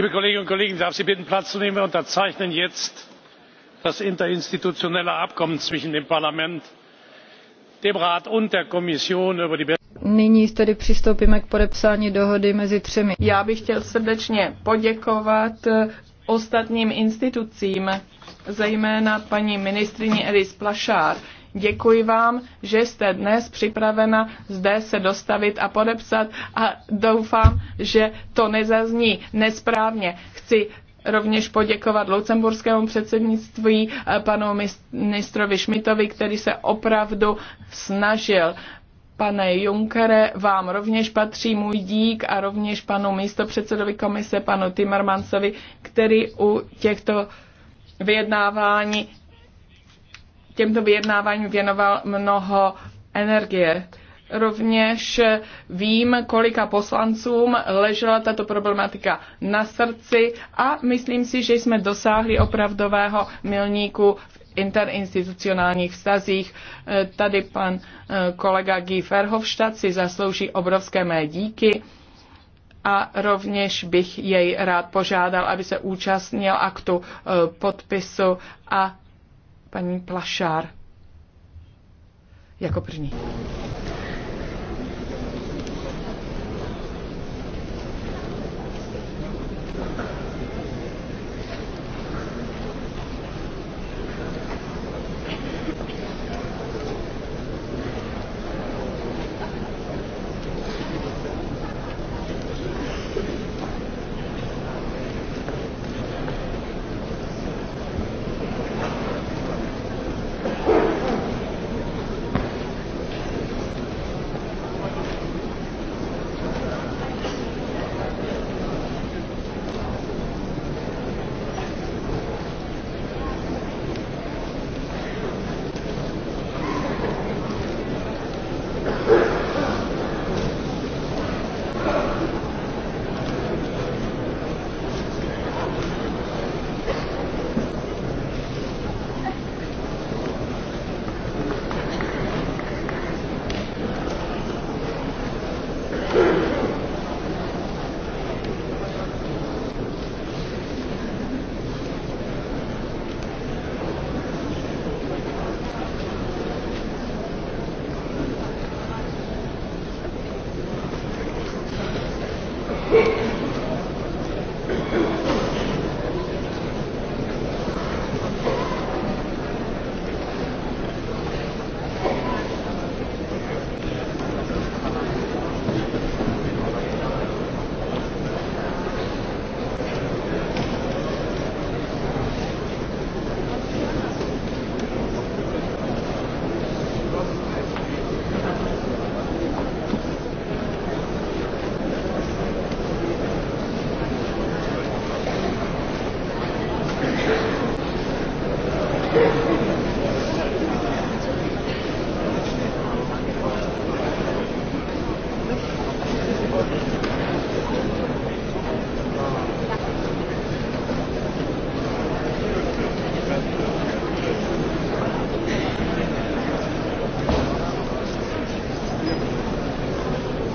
liebe kolleginnen und kollegen ich darf sie bitten platz zu nehmen. wir unterzeichnen jetzt das interinstitutionelle abkommen zwischen dem parlament dem rat und der kommission über die Nyní tedy přistoupíme k podepsání dohody mezi třemi. Já bych chtěl srdečně poděkovat ostatním institucím, zejména paní ministryni Elis Plašár, Děkuji vám, že jste dnes připravena zde se dostavit a podepsat a doufám, že to nezazní nesprávně. Chci rovněž poděkovat lucemburskému předsednictví eh, panu ministrovi Šmitovi, který se opravdu snažil. Pane Junkere, vám rovněž patří můj dík a rovněž panu místopředsedovi komise, panu Timmermansovi, který u těchto vyjednávání těmto vyjednáváním věnoval mnoho energie. Rovněž vím, kolika poslancům ležela tato problematika na srdci a myslím si, že jsme dosáhli opravdového milníku v interinstitucionálních vztazích. Tady pan eh, kolega Guy Verhofstadt si zaslouží obrovské mé díky a rovněž bych jej rád požádal, aby se účastnil aktu eh, podpisu a paní Plašár jako první.